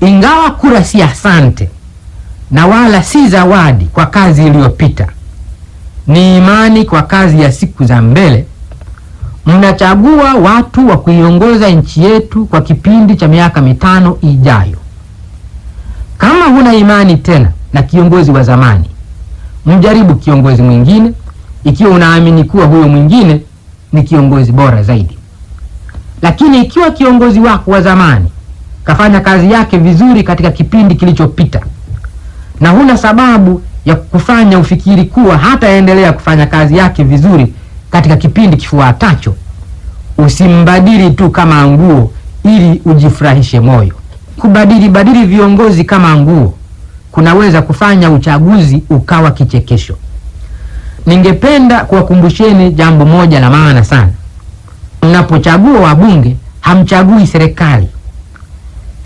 Ingawa kura si asante na wala si zawadi kwa kazi iliyopita, ni imani kwa kazi ya siku za mbele. Mnachagua watu wa kuiongoza nchi yetu kwa kipindi cha miaka mitano ijayo. Kama huna imani tena na kiongozi wa zamani, mjaribu kiongozi mwingine, ikiwa unaamini kuwa huyo mwingine ni kiongozi bora zaidi. Lakini ikiwa kiongozi wako wa zamani kafanya kazi yake vizuri katika kipindi kilichopita, na huna sababu ya kufanya ufikiri kuwa hataendelea kufanya kazi yake vizuri katika kipindi kifuatacho. Usimbadili tu kama nguo ili ujifurahishe moyo. Kubadili badili viongozi kama nguo kunaweza kufanya uchaguzi ukawa kichekesho. Ningependa kuwakumbusheni jambo moja la maana sana. Mnapochagua wabunge, hamchagui serikali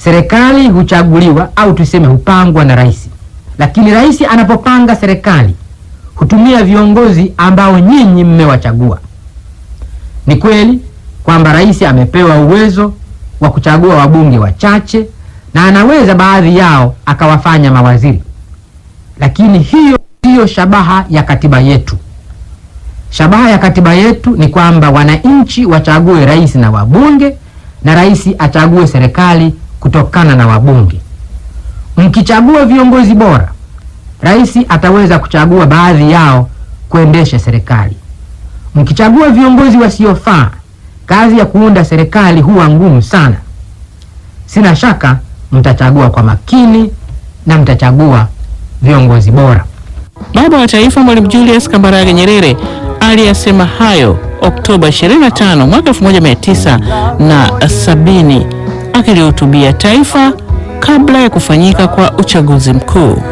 serikali huchaguliwa au tuseme hupangwa na rais, lakini rais anapopanga serikali hutumia viongozi ambao nyinyi mmewachagua. Ni kweli kwamba rais amepewa uwezo wa kuchagua wabunge wachache na anaweza baadhi yao akawafanya mawaziri, lakini hiyo ndiyo shabaha ya katiba yetu. Shabaha ya katiba yetu ni kwamba wananchi wachague rais na wabunge, na rais achague serikali kutokana na wabunge. Mkichagua viongozi bora, rais ataweza kuchagua baadhi yao kuendesha serikali. Mkichagua viongozi wasiofaa, kazi ya kuunda serikali huwa ngumu sana. Sina shaka mtachagua kwa makini na mtachagua viongozi bora. Baba wa Taifa Mwalimu Julius Kambarage Nyerere aliyasema hayo Oktoba 25 mwaka 1970 akilihutubia taifa kabla ya kufanyika kwa uchaguzi mkuu.